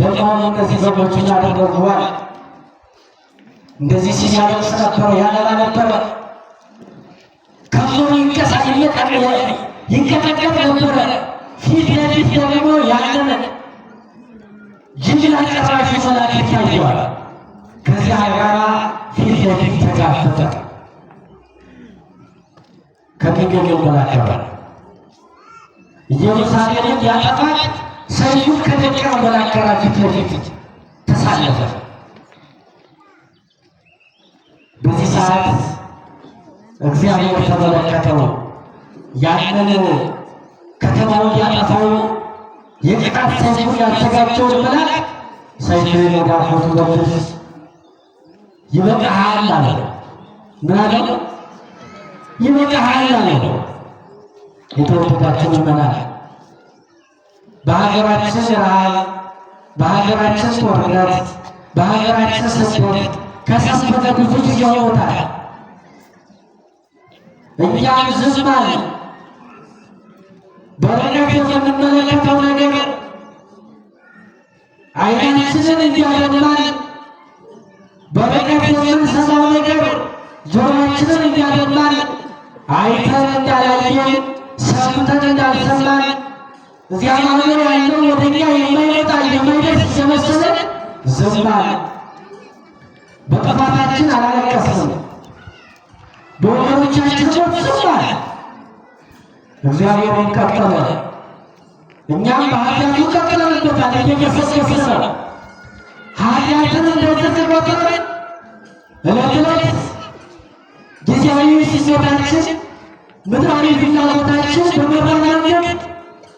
ለቆም እነዚህ በጎች ያደረጉዋል። እንደዚህ ሲያለቅስ ነበረ፣ ያለላ ነበረ። ከፍሩ ይንቀሳ ይንቀጠቀጥ ነበረ። ፊት ለፊት ደግሞ ያለን ጅምላ ጨራሹ መላክ ይታየዋል። ከዚያ ጋራ ፊት ለፊት ተጋፈጠ። ከሚገኘው በላቸዋል ኢየሩሳሌምን ያጠፋት ሰይፉን ከደቀቀ መላከራ ፊት ለፊት ተሳለፈ። በዚህ ሰዓት እግዚአብሔር ተመለከተው። ያንን ከተማውን ያጠፋው የቅጣት ሰይፉን ያዘጋጀውን መልአክ ሰይፍህን ወደ አፎቱ ይበቃሃል አለ። ምን አለው? ይበቃሃል አለ። የተወደዳችሁን መልአክ በሀገራችን ረሃብ፣ በሀገራችን ጦርነት፣ በሀገራችን ስደት ከሰንበተ ብዙ ይዘውታል። እኛም ዝም አልን። በእውነት የምንመለከተው ነገር አይናችንን እንዲያደማን በእውነት የምንሰማው ነገር ጆሮአችንን እንዲያደማን አይተን እንዳላየን ሰምተን እንዳልሰማን እዚያ ሀገር ያለው ወደኛ የማይመጣ የማይደርስ የመሰለን ዝም አለ። በጥፋታችን አላለቀስም በወገኖቻችን ጭፍ ዝም አለ። እግዚአብሔርን ቀጠለ፣ እኛም በኃጢአቱ ቀጥለንበታል፣ እየገሰገስን ነው። ኃጢአትን እንደዚህ ቆጥረን ዕለት ዕለት ጊዜያዊ ሲሶታችን ምድራዊ ፍላጎታችን በመራናገድ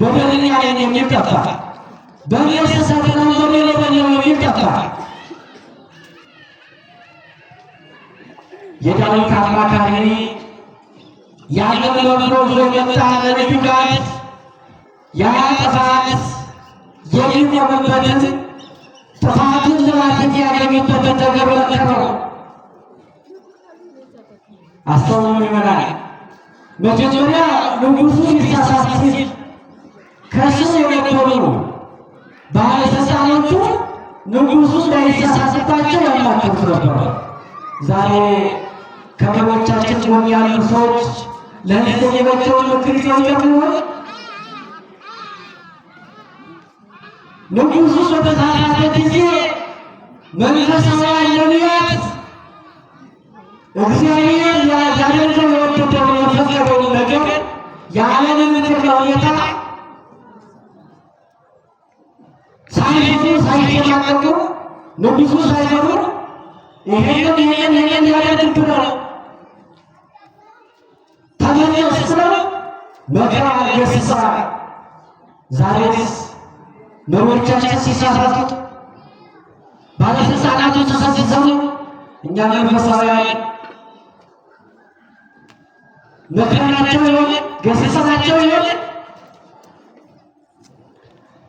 በደለኛ ላይ ነው የሚቀጣ። በሌላ ሰሳተ ነው በሌላ የሚቀጣ። የዳዊት አማካሪ ያለም ለምሮ ብሎ መጣ ለልጁ ጋድ ያጠፋት የሚቆምበትን ጥፋትን ለማለት ያገኙበትን ነገር መጠቀው አስተውሉ ይመናል መጀመሪያ ንጉሱ ሲሳሳት ሲል ከሱ የነበሩ ባለስልጣኖቹ ንጉሱ እንዳይሳሳትባቸው ያማክሩት ነበር። ዛሬ ከመሪዎቻችን ጎን ያሉ ሰዎች ለህዝብ የበጀውን ምክር ይዘው የሚሆን ንጉሱ በተሳሳተ ጊዜ መንፈሳዊ ነቢያት እግዚአብሔር ያደርገው የወደደውን የፈቀደውን ነገር ያለ ሳያናግሩ ንጉሱ ሳይነግሩ ይሄንን ይሄንን ይሄንን ያደርግብናል ተገኘ ስለው መከራ ገስጻ። ዛሬስ መሪዎቻችን ሲሳሳቱ ባለስልጣናቱ ተሳስዘው እኛ መንፈሳውያን መከራቸው የሆነ ገስጸናቸው የሆነ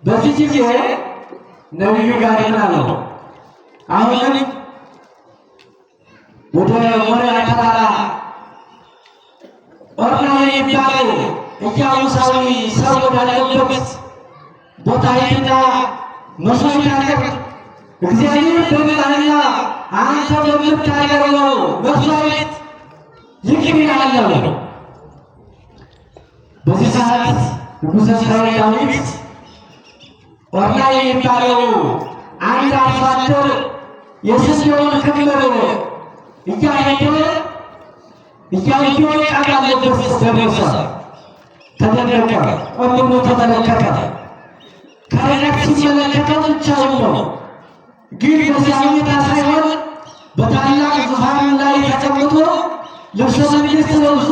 በዚህ ጊዜ ነቢዩ ጋር አለው። አሁን ወደ ሞሪያ ተራራ ኦርና የሚባለው ኢያቡሳዊ ሰው ወዳለበት ቦታ ሄድና መስዋዕት ያቀርብ። እግዚአብሔር በመጣና አንተ በምታቀርበው መስዋዕት ይቅር ይላል። በዚህ ሰዓት ንጉሠ እስራኤል ዳዊት ወፍላ የሚባለው አንድ አርሶ አደር የስንዴውን ክምር እያሄደ እያየሁ ቃል ያለበት ደረሰ፣ ተደነቀ፣ ቆሞ ተመለከተ። ከርቀት ሲመለከተው ብቻውን ነው፣ ግን በዚያ ሁኔታ ሳይሆን በታላቅ ዙፋን ላይ ተቀምጦ ልብሰ መንግሥት ለብሶ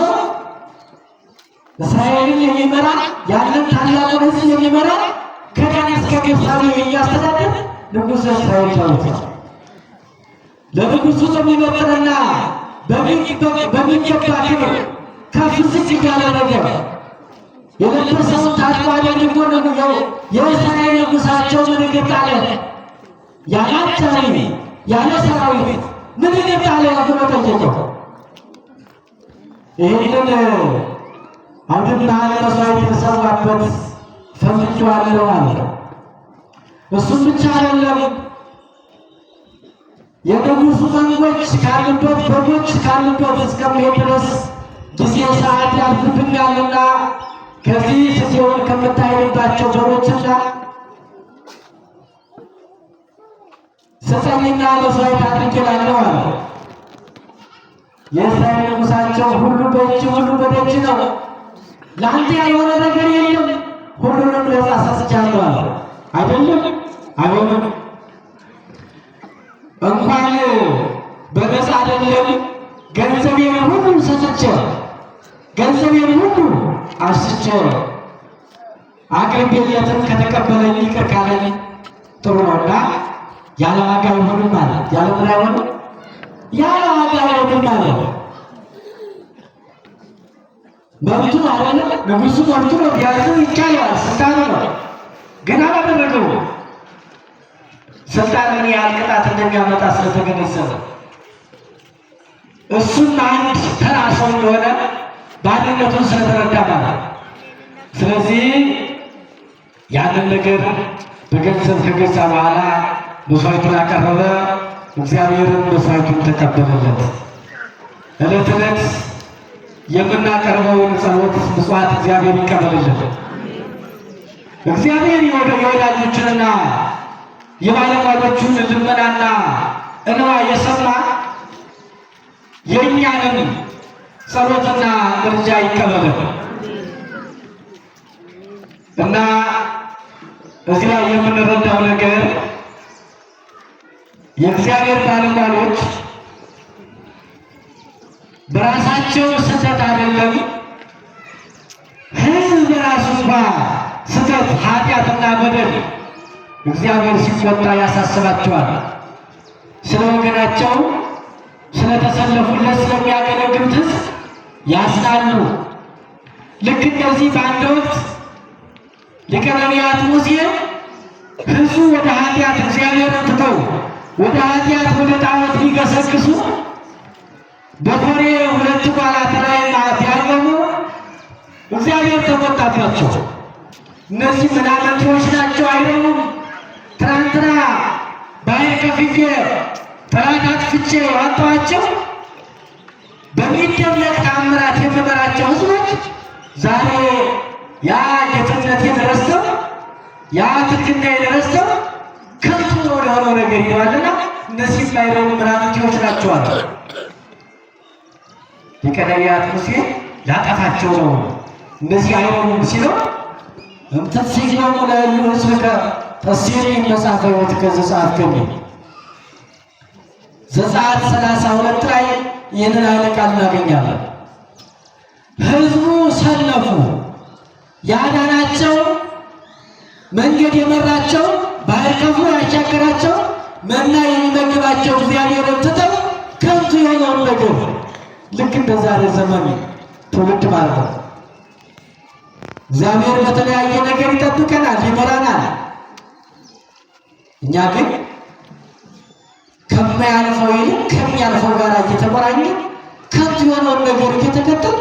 እስራኤልን የሚመራ ያንን ታላቅ ሕዝብ የሚመራ ከዳን እስከ ጌርሳሌም እያስተዳደር ንጉሥ እስራኤል ዳዊት ለንጉሱ በሚመጥንና በሚገባ ክብር ከፍ ዝቅ እያደረገ የለበሰውን ታጥቋል አድርጎ ነው የእስራኤል ንጉሳቸው ምንግጥ አለ። ያለ አጃቢ ያለ ሰራዊት ምንግጥ አለ ብሎ ጠየቀው። ይህንን አንድና መስዋዕት የተሰዋበት ሰምቼዋለሁ አለ። እሱም ብቻ አይደለም የንጉሱ መንጎች ካሉበት በጎች ካሉበት እስከሚሄድ ድረስ ጊዜ ሰዓት ያልፍብኛልና ከዚህ ስትሆን ከምታይባቸው በሮችና ስጠኝና መስዋዕት አድርጌ ላለው አለ። የእስራኤል ንጉሳቸው ሁሉ በእጅ ሁሉ በደጅ ነው ለአንተ ያልሆነ ነገር ሁሉንም ለዛ ሰጥቻለሁ አለ አይደለም። አይሆንም እንኳን በገዛ አይደለም ገንዘቤን ሁሉ ሰጥቼ ገንዘቤን ሁሉ አስቼ አቅርቤለትም ከተቀበለኝ ይቅር ካለኝ ጥሩ ነውና ያለ ዋጋ አይሆንም ማለት ያለ ምን አይሆንም ያለ ዋጋ አይሆንም ማለት መብቱ አለ። ንጉሱ መብቱ ነው፣ ቢያዘው ይቻለዋል፣ ስልጣኑ ነው። ግን አላደረገው። ስልጣን ምን ያህል ቅጣት እንደሚያመጣ ስለተገነዘበ እሱና አንድ ተራ ሰው እንደሆነ በአንድነቱን ስለተረዳ ማለት ስለዚህ ያንን ነገር በገንዘብ ከገዛ በኋላ መስዋዕቱን አቀረበ። እግዚአብሔርን መስዋዕቱን ተቀበለለት። እለት እለት የምናቀርበውን ጸሎት ምጽዋት እግዚአብሔር ይቀበልልን። እግዚአብሔር የወዳጆችንና የባለሟሎቹን ልመናና እንባ የሰማ የእኛንም ጸሎትና ምርጃ ይቀበልን እና እዚህ ላይ የምንረዳው ነገር የእግዚአብሔር ባለሟሎች በራሳቸው ስህተት አይደለም። ህዝብ ራሱ እንኳ ስህተት ኃጢአትና በደል እግዚአብሔር ሲቆጣ ያሳስባቸዋል። ስለ ወገናቸው ስለተሰለፉለት ስለሚያገለግሉት ህዝብ ያዝናሉ። ልክ እንደዚህ በአንድ ወቅት ሊቀ ነቢያት ሙሴ ህዝቡ ወደ ኃጢአት እግዚአብሔርን ትተው ወደ ኃጢአት ወደ ጣዖት ሊገሰግሱ በኮሬ ሁለቱ ቃላት ላይ ቢያለሙ እግዚአብሔር ተቆጣባቸው። እነዚህ መናፍቃኖች ናቸው አይደሉም? ትናንትና ባይ ከፍዬ ጠላት አጥፍቼ አጣኋቸው። በሚደነቅ ተአምራት የምመራቸው ህዝቦች ዛሬ ያ ጌትነት የደረሰው ያ ትክና የደረሰው ከንቱ ወደሆነው ነገር ይለዋልና እነዚህ ባይረቡ መናፍቃኖች ናቸዋል። የቀነኒያት ሙሴ ላጠፋቸው ነው እነዚህ አይሆኑም ሲለው እምተት ነው ለሉ ህዝብከ ተሴሪ መጽሐፈ ሕይወትከ ዘጸአትከኒ ዘጸአት ሰላሳ ሁለት ላይ ይህንን አይነት ቃል እናገኛለን። ህዝቡ ሰለፉ ያዳናቸው መንገድ የመራቸው ባህር ከፍሎ ያሻገራቸው መና የሚመግባቸው እግዚአብሔርን ትተው ከንቱ የሆነውን ነገር ልክ እንደ ዛሬ ዘመን ትውልድ ማለት ነው። እግዚአብሔር በተለያየ ነገር ይጠብቀናል፣ ይመራናል። እኛ ግን ከማያልፈው ይልቅ ከሚያልፈው ጋር እየተቆራኘ ከንቱ የሆነውን ነገር እየተከተል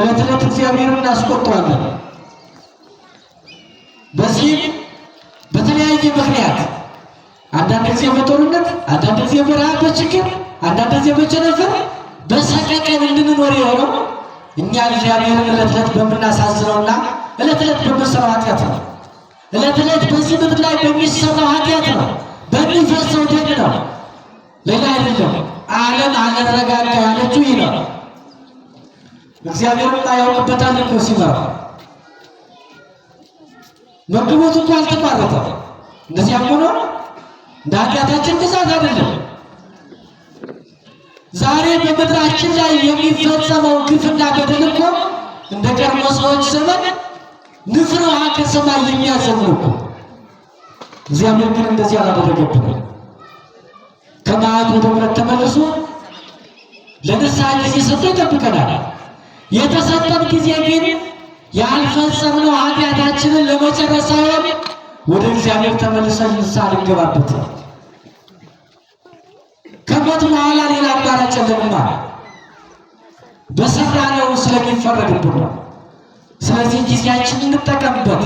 እለት እለት እግዚአብሔርን እናስቆጥራለን። በዚህም በተለያየ ምክንያት አንዳንድ ጊዜ በጦርነት፣ አንዳንድ ጊዜ በረሃብ፣ በችግር፣ አንዳንድ ጊዜ በቸነፈር በሰቀቀን እንድንኖር የሆነው እኛ እግዚአብሔርን ዕለት ዕለት በምናሳዝነውና ዕለት ዕለት በምንሰራው ኃጢአት ነው። ዕለት ዕለት በዚህ ምድር ላይ በሚሰራው ኃጢአት ነው፣ በሚፈሰው ደም ነው። ሌላ አይደለም። ዓለም አልረጋጋ ያለችው ይህ ነው። እግዚአብሔርን ያውቅበታል እኮ ሲመራ መግቦት እኮ አልተቋረጠም። እንደዚያም ሆኖ እንደ ኃጢአታችን ብዛት አይደለም ዛሬ በምድራችን ላይ የሚፈጸመው ግፍና በደል እኮ እንደ ቀድሞ ሰዎች ዘመን ንፍር ውሃ ከሰማይ የሚያዘንብ እኮ እግዚአብሔር ግን እንደዚህ አላደረገብንም። ከመዓት ወደ ምሕረት ተመልሶ ለንስሐ ጊዜ ሰጥቶ ይጠብቀናል። የተሰጠን ጊዜ ግን ያልፈጸምነው ኃጢአታችንን ለመጨረስ ሳይሆን ወደ እግዚአብሔር ተመልሰን ንስሐ ልንገባበት ከሞት በኋላ ሌላ አማራጭ የለምና ነው ስለሚፈረድብን ነው። ስለዚህ ጊዜያችን እንጠቀምበት።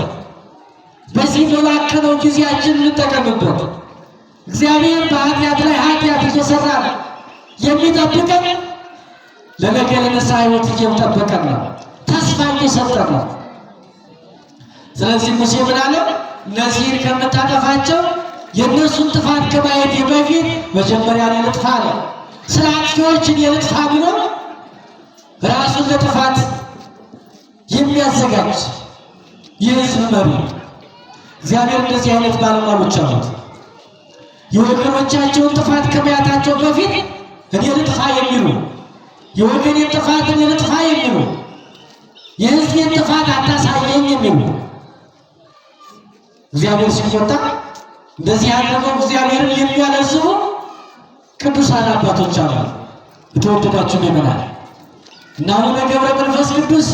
በዚህ በባከነው ጊዜያችን እንጠቀምበት። እግዚአብሔር በኃጢአት ላይ ኃጢአት እየሰራ የሚጠብቀን ለነገ ለነሳ ህይወት እየጠበቀን ነው። ተስፋ እየሰጠን ነው። ስለዚህ ሙሴ ምን አለ? እነዚህን ከምታጠፋቸው የእነሱን ጥፋት ከማየት በፊት መጀመሪያ ላይ ልጥፋ ነው። ስለ አጥፊዎችን የልጥፋ ብሎ ራሱን ለጥፋት የሚያዘጋጅ የህዝብ መሪ እግዚአብሔር እንደዚህ አይነት ባለሟሎች አሉት። የወገኖቻቸውን ጥፋት ከማያታቸው በፊት እኔ ልጥፋ የሚሉ የወገኔን ጥፋት እኔ ልጥፋ የሚሉ የህዝቤን ጥፋት አታሳየኝ የሚሉ እግዚአብሔር ሲቆጣ እንደዚህ ያደረገው እግዚአብሔርን የሚያለዝቡ ቅዱሳን አባቶች አሉ። የተወደዳችሁ ምእመናን እና አቡነ ገብረ መንፈስ ቅዱስ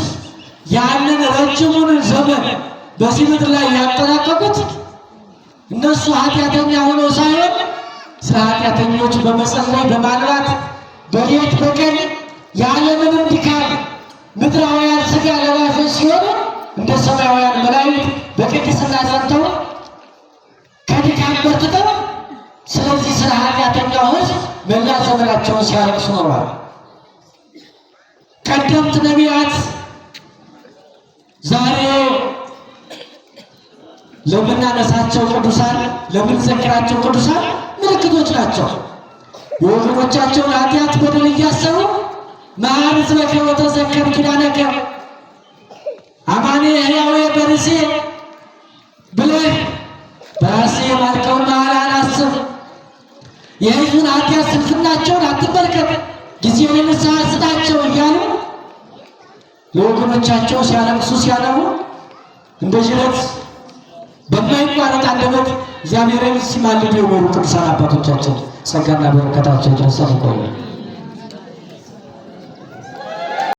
ያንን ረጅሙን ዘመን በዚህ ምድር ላይ ያጠናቀቁት እነሱ ኃጢአተኛ ሆነው ሳይሆን ስለ ኃጢአተኞች በመጸለይ በማልባት በሌት በቀን የዓለምንም ድካም ምድራውያን ስጋ ለባሾች ሲሆኑ እንደ ሰማያውያን መላእክት በቅድስና ጸንተው ቃል ጎትተው ስለዚህ ስለ ኃጢአተኛው ሕዝብ መላ ዘመናቸውን ሲያለቅሱ ኖረዋል። ቀደምት ነቢያት ዛሬ ለምናነሳቸው ቅዱሳን ለምንዘክራቸው ቅዱሳን ምልክቶች ናቸው። የወገኖቻቸውን ኃጢአት በደል እያሰቡ መሐር ሕዝበከ ወተዘከር ኪዳነከ አማኔ ሕያዌ በርሴ በራሴ የማልቀውን ባህል አላስብ። የሕዝቡን ኃጢአት ስንፍናቸውን አትመልከት፣ ጊዜውን የንስሐ ስጣቸው እያሉ ለወገኖቻቸው ሲያለቅሱ እንደ ጅረት በማይቋረጥ አንደበት እግዚአብሔርን የኖሩ ቅዱሳን አባቶቻችን ጸጋና በረከታቸው ድረስ ይቆያል።